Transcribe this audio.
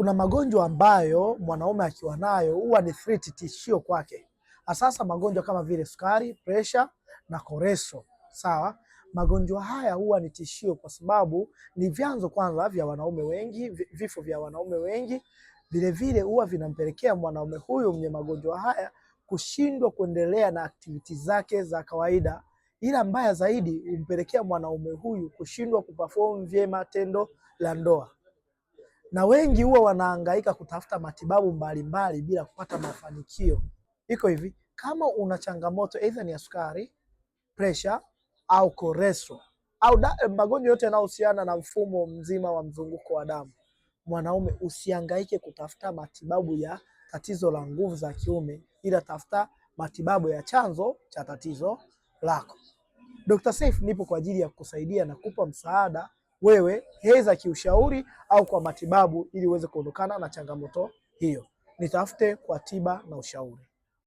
kuna magonjwa ambayo mwanaume akiwa nayo huwa ni threat, tishio kwake. Sasa magonjwa kama vile sukari, pressure na koreso, sawa. Magonjwa haya huwa ni tishio kwa sababu ni vyanzo kwanza vya wanaume wengi, vifo vya wanaume wengi. Vilevile huwa vinampelekea mwanaume huyu mwenye magonjwa haya kushindwa kuendelea na aktiviti zake za kawaida, ila mbaya zaidi humpelekea mwanaume huyu kushindwa kuperform vyema tendo la ndoa na wengi huwa wanaangaika kutafuta matibabu mbalimbali mbali bila kupata mafanikio. Iko hivi, kama una changamoto aidha ni ya sukari, pressure au koreso au magonjwa yote yanayohusiana na mfumo mzima wa mzunguko wa damu, mwanaume usiangaike kutafuta matibabu ya tatizo la nguvu za kiume, ila tafuta matibabu ya chanzo cha tatizo lako. Dr. Seif nipo kwa ajili ya kukusaidia na kupa msaada wewe heza kiushauri au kwa matibabu, ili uweze kuondokana na changamoto hiyo. Nitafute kwa tiba na ushauri.